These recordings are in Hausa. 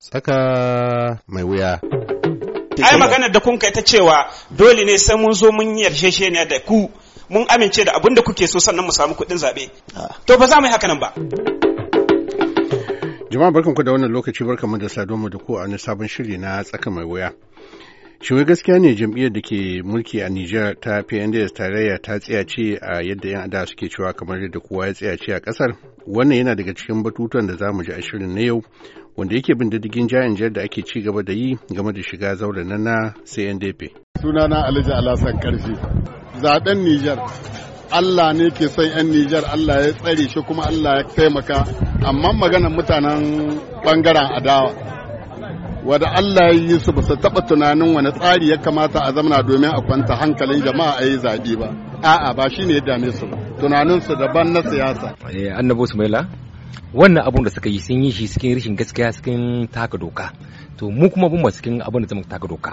Saka mai wuya. Ai maganar da kun kai ta cewa dole ne sai mun zo mun yi yarjejeniya da ku mun amince da abin da kuke so sannan mu samu kuɗin zaɓe. Ah. To ba za mu yi haka nan ba. Jama'a ku da wannan lokaci barkanmu da mu da ku a sabon shiri na tsaka mai wuya. Shin gaskiya ne jam'iyyar da ke mulki a Nijar ta PNDS tarayya ta tsayace a yadda 'yan adawa suke cewa kamar yadda kowa ya tsayace a kasar? Wannan yana daga cikin batutuwan da za mu ji a shirin na yau wanda yake bin diddigin jayan jayar da ake ci gaba da yi game da shiga zaure na na CNDP. Sunana Alhaji Alhassan Karfi. Zaben Nijar Allah ne ke son 'yan Nijar Allah ya tsare shi kuma Allah ya taimaka amma maganar mutanen bangaren adawa Wada Allah ya yi su basu taɓa tunanin wani tsari ya kamata a zamana domin a kwanta hankalin jama'a a yi zaɓe ba a'a ba shi ne ya dame su ba tunaninsu daban na siyasa eh, Annabu sumaila wannan abun da suka yi sun yi shi cikin rishin gaskiya cikin taka doka to mu kuma bin masu cikin abin da zama taka doka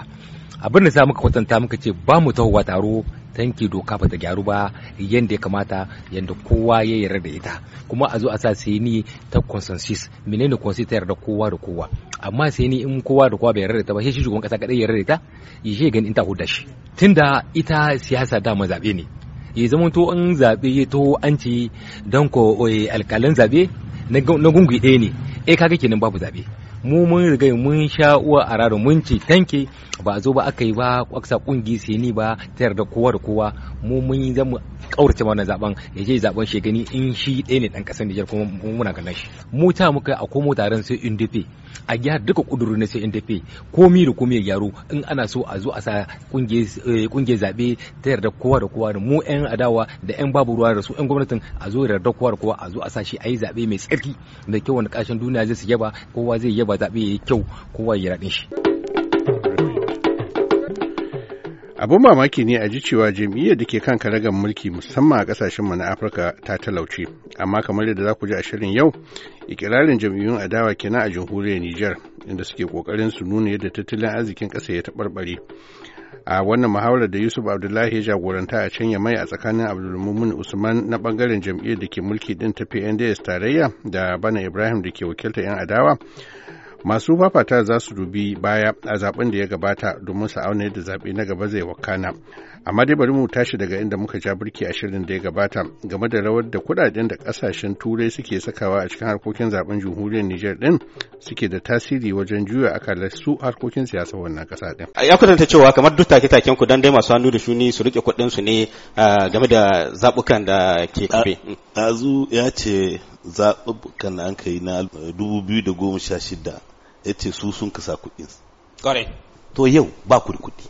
abin da sa muka kwatanta muka ce ba mu tahowa taro tanki doka ba ta gyaru ba yadda ya kamata yadda kowa ya yarda da ita kuma a zo a sa sai ni ta consensus menene consensus ta yarda kowa da kowa amma sai ni in kowa da kowa bai yarda da ita ba shi shugaban kasa kadai yarda da ita ya shi gani in ta huda shi tunda ita siyasa dama zabe ne ya zama to in zabe ya to an ci don ko eh, alkalan zabe na gungu ɗaya ne eh kaga kenan babu zabe mu mun riga mun sha uwa a rarar mun ce tanke ba a zo ba aka yi ba kwaksa kungi sai ni ba ta yarda kowa da kowa mu mun yi zamu kaurace wannan zaben ya je zaben shi gani in shi ɗaya ne dan kasar Nijar kuma muna ganin shi mu ta muka a komo taron sai NDP a gyara duka kuduru na sai NDP komi da komi ya gyaru in ana so a zo a sa kungiyar eh, zabe ta yarda kowa da kowa da mu yan adawa da yan babu ruwa da su yan gwamnatin a zo yarda kowa da kowa a zo a sa shi a yi zabe mai tsarki da kyau wani kashin duniya zai su yaba kowa zai yaba ba zaɓe ya yi kyau kowa ya raɗe shi. abun mamaki ne a ji cewa jam'iyyar da ke kan karagar mulki musamman a mu na afirka ta talauce amma kamar yadda za ku ji a shirin yau ikirarin jam'iyyun adawa kenan a jamhuriyar niger inda suke kokarin su nuna yadda tattalin arzikin ƙasa ya taɓarɓare a wannan muhawarar da yusuf abdullahi ya jagoranta a canya mai a tsakanin abdulmumin usman na bangaren jam'iyyar da ke mulki din ta pnds tarayya da bana ibrahim da ke wakiltar 'yan adawa masu fafata za su dubi baya a zaben da ya gabata domin su auna yadda zaɓe na gaba zai wakana amma dai bari mu tashi daga inda muka ja birki a shirin da ya gabata game da rawar da kuɗaɗen da kasashen turai suke sakawa a cikin harkokin zaben jamhuriyar niger din suke da tasiri wajen juya akalar su harkokin siyasa wannan kasa din ya kwatanta cewa kamar duk take taken ku dan dai masu hannu da shuni su rike kuɗin su ne game da zabukan da ke kafe azu ya ce zabukan da an kai na 2016 ya ce su sun kasa kuɗin ƙwarai to yau ba ku da kudi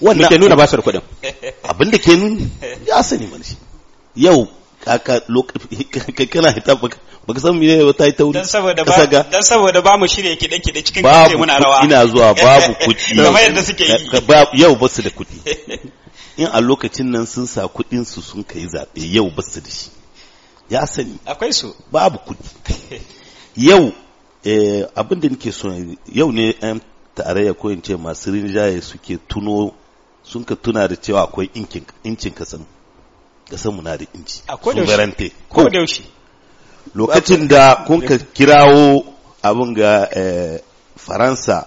wannan ke nuna ba su da kudin abin da ke nuna ya sani mana shi yau kaka lokaci kana hita baka san mene ba ta yi tauri dan saboda ba dan saboda ba mu shirye kide kide cikin kake muna rawa ina zuwa babu kudi. kamar yadda suke yi yau ba su da kudi. in a lokacin nan sun sa kuɗin su sun kai zaɓe yau ba su da shi ya sani akwai su babu kudi yau eh abin da nake so yau ne yan tarayya ko in ce masu rinjaye suke tuno sun ka tuna da cewa akwai incin kasan kasan mu na da inci sovereignty ko da yaushe lokacin da kun ka kirawo abin ga eh, faransa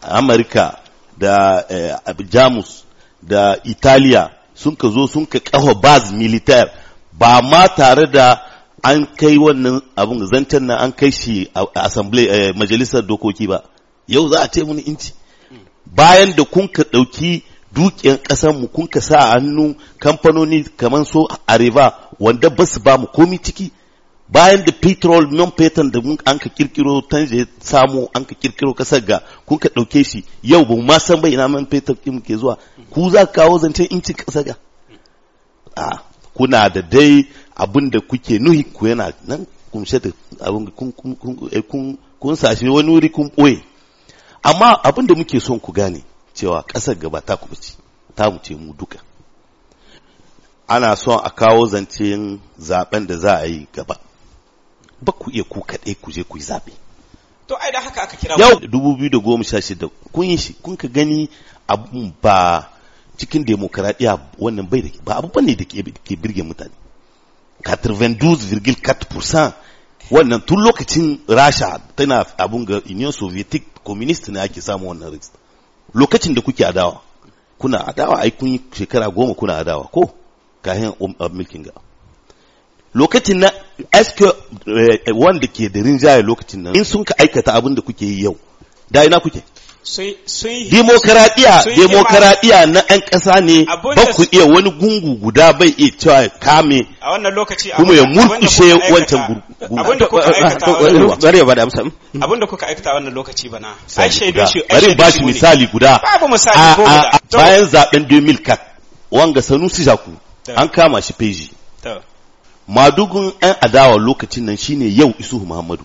Amerika da eh, jamus da italiya sun ka zo sun ka kafa baz militar ba ma tare da an kai wannan abun zancen na an kai shi a assembly eh, majalisar dokoki ba yau za a ce inci bayan da kun ka ɗauki dukiyar ƙasar mu kun ka sa hannu kamfanoni kamar so areva wanda ba su ba mu komi ciki bayan da petrol non petrol da an ka kirkiro tanje samu an ka kirkiro kasar ga kun ka ɗauke shi yau ba ma san bai ina man petrol ɗin ke zuwa ku za ka kawo zancen incin kasar ga a ah, kuna da dai abin da kuke nuhi ku yana nan kumshe da abin eh, kun kun sashi wani wuri kun ɓoye amma abin da muke son ku gane cewa ƙasar gaba ta ku ce ta mu ce mu duka ana son a kawo zancen zaben da za a yi gaba ba ku iya ku kaɗai ku je ku yi zaɓe to ai da haka aka kira yau 2016 kun yi shi kun ka gani abun ba cikin demokradiya wannan bai da ba abu ne da ke birge mutane 92,4% wannan tun lokacin rasha tana abun ga union soviet communist ne ake samu wannan register lokacin da kuke adawa kuna adawa ai kun shekara goma kuna adawa ko kayan milkin um, uh, ga lokacin na SQ eh, eh, wanda ke da rinjaye lokacin nan in sun ka aikata abin da kuke yi yau da ina kuke demokaradiya demokaradiya na ɗan ƙasa ne ba ku iya wani gungu guda bai iya cewa kame kuma ya murkushe wancan gungu bari hmm? abin da kuka aikata wannan lokaci na ai shaidu shi bari ba shi misali guda bayan zaben 2004 wanga sanusi zaku an kama shi feji madugun ɗan adawa lokacin nan shine yau Isu muhammadu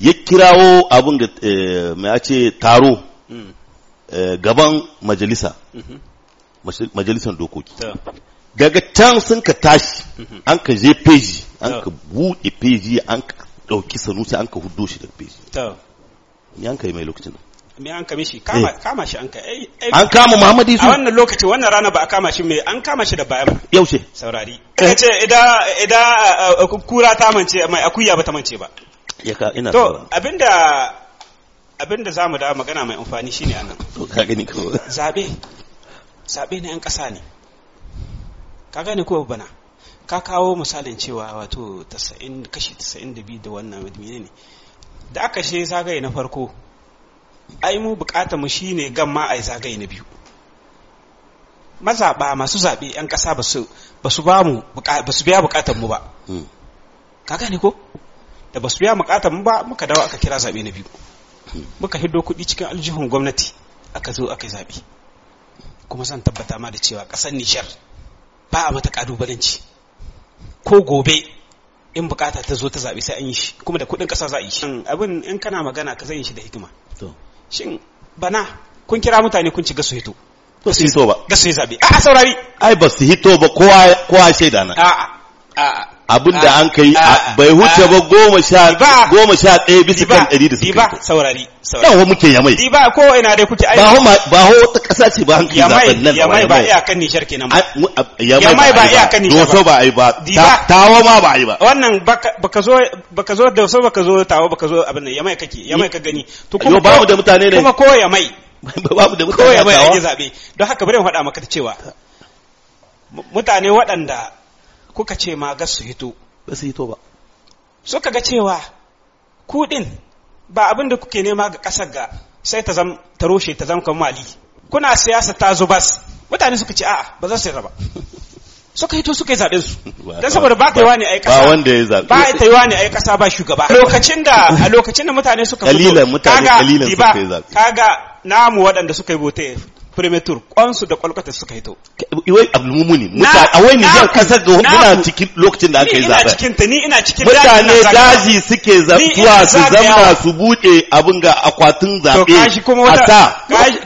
ya kirawo abin da eh, mai a ce taro hmm. eh, gaban majalisa hmm. majalisar dokoki daga can sun ka tashi hmm. an ka je peji an ka buɗe peji an ka ɗauki sanusi an ka hudo shi daga peji ni an ka yi mai lokacin nan me an kama shi eh. kama shi an ka an kama Muhammadu Yusuf a wannan lokacin wannan rana ba a kama shi mai an kama shi da baya ba yaushe saurari kace idan idan kura ta mance mai akuya ba ta mance ba ya ka ina to abinda abinda zamu da magana mai amfani shine anan to ka gani ko zabe zabe na yan kasa ne ka gane ko bana ka kawo misalin cewa wato 90 kashi 92 da wannan madmine ne da aka she zagaye na farko ai mu bukata mu shine gamma ai zagaye na biyu mazaɓa masu zaɓe 'yan ƙasa basu su ba mu ba biya buƙatar mu ba hmm. ka gane ko da ba su biya bukatar mu ba muka dawo aka kira zabe na biyu muka hiddo kuɗi cikin aljihun gwamnati aka zo aka zabe kuma zan tabbata ma da cewa kasar Nijar ba a mata ƙalubalenci ko gobe in bukata ta zo ta zaɓe sai an yi shi kuma da kuɗin ƙasa za a yi shi abin in kana magana ka zan yi shi da hikima shin bana kun kira mutane kun ci gasu hito to su hito ba gasu yi zaɓe a saurari ai ba su hito ba kowa kowa shaida na a a'a abin da ah, an kai ah, bai huce ba ah. goma sha goma sha ɗaya bisa kan ɗari da suka ba saurari saurari yawa muke yamai ba ko ina dai kuke ai ba ho ta kasa ce ba an kai zaben nan yamai ba iya kan nishar kenan yamai ba iya kan nishar doso ba ai ba tawo ma ba ai ba wannan baka zo baka zo doso baka zo tawo baka zo abin nan yamai kake yamai ka gani to kuma ba mu da mutane ne kuma ko yamai ba mu da mutane ko yamai ake zabe don haka bari mu faɗa maka cewa mutane waɗanda kuka ce ma ga su hito ba su hito ba suka ga cewa kuɗin ba abin da kuke nema ga ƙasar ga sai ta zam ta roshe ta zam kan mali kuna siyasa ta zubas mutane suka ce a'a ba za su raba ba suka hito suka yi zaɓen su don saboda ba ta yiwa ne ai ƙasa ba wanda ya zaɓe ba ta yiwa ne ai ƙasa ba shugaba lokacin da a lokacin da mutane suka fito kaga kaga namu waɗanda suka yi bote premature kwansu da kwalkwata suka hito Iwai abulmumuni muta a wai zan kasar da muna cikin lokacin da aka yi zaɓe ina ni ina cikin mutane daji suke zuwa su zama su buɗe abin ga akwatin zaɓe a ta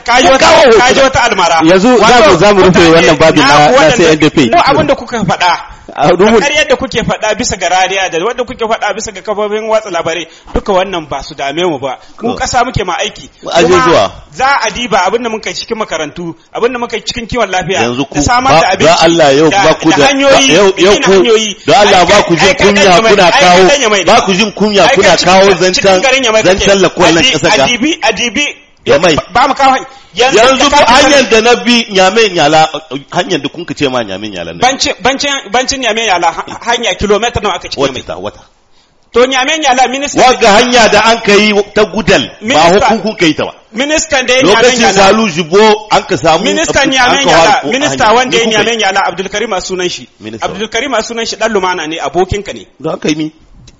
kaji wata kaji wata almara yanzu za mu rufe wannan babin na sai NDP abin da kuka faɗa ƙaryar da kuke faɗa bisa ga rariya da wanda kuke faɗa bisa ga kafofin watsa labarai duka wannan ba su dame mu ba mu ƙasa muke ma aiki kuma za a diba abinda muka yi cikin makarantu abinda muka yi cikin kiwon lafiya yanzu ku da Allah yau ba ku da yau ku da Allah ba ku jin kunya kuna kawo ba ku jin kunya kuna kawo zancan zancan lakon nan ƙasa ga adibi adibi ya mai ba mu kawai. yanzu ba hanyar da na bi nyame nyala hanyar da kun ka ce ma nyame nyala ne bancin nyame nyala hanya kilomita nawa aka ce mai wata wata to nyame nyala minista waga hanya da an kai ta gudal ba ka kai ta ba minista da ya nyame nyala lokacin salu jibo an ka samu ministan nyame nyala minista wanda ya nyame nyala abdulkarim sunan shi abdulkarim sunan shi dan lumana ne abokin ka ne don kai mi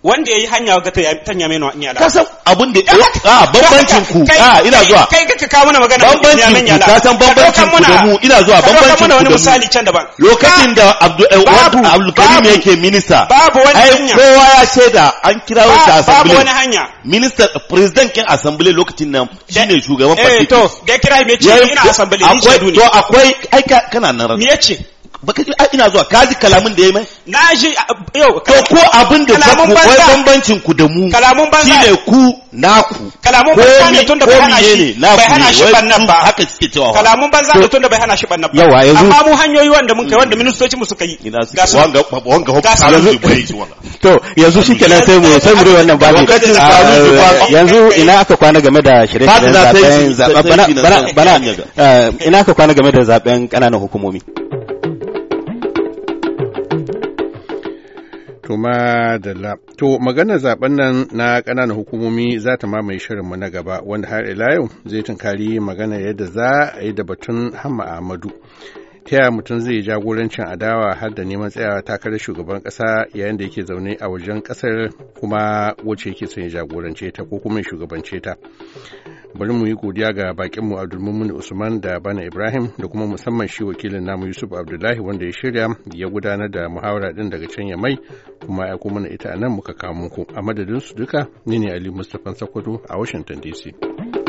wanda ya yi hanya ga ta nyame no nyala kasan abun da a ah, bambancin ku a ah, ina zuwa kai kake ka mana magana bambancin ku ka san bambancin ku da mu ina zuwa bambancin ku da mu misali can daban lokacin da abdu eh, Abdul Karim yake minista babu wani hanya kowa ya shaida an kirawo shi assembly babu wani hanya minister president kin assembly lokacin nan shine shugaban party eh, to da kira mai ce ina assembly ni shaidu ne to akwai ai kana nan me yace baka ji ina zuwa ka ji kalamin da yayi mai na shi yau to ko abin da ku wai bambancin ku da mu kalamun banza shine ku naku kalamun banza ne tunda bai hana shi bai hana shi bannan ba haka suke cewa kalamun banza ne tunda bai hana shi bannan ba amma mu hanyoyi wanda mun kai wanda ministoci mu suka yi ga su wanga wanga hukuma yanzu bai ji wanga to yanzu shikenan sai mu sai mu wannan ba ah, yanzu ina aka kwana game da shirye-shiryen zaben zaben bana bana eh, ina aka kwana game da zaben kananan hukumomi da madalla. To maganar zaben nan na ƙananan hukumomi za ta mamaye shirinmu na gaba wanda har ila yau zai tunkari magana yadda za a yi da batun Hamma Ahmadu. Ta yaya mutum zai yi jagorancin adawa har da neman tsayawa takarar shugaban ƙasa yayin da yake zaune a wajen ƙasar kuma wacce yake son ya jagorance ta ko kuma shugabance ta. bari mu yi godiya ga mu abdulmumin usman da bana ibrahim da kuma musamman shi wakilin namu yusuf abdullahi wanda ya shirya ya gudanar da muhawara din daga can ya mai kuma ya mana ita anan muka kawo muku a madadin su duka ni ne ali mustapha sakwato a washington dc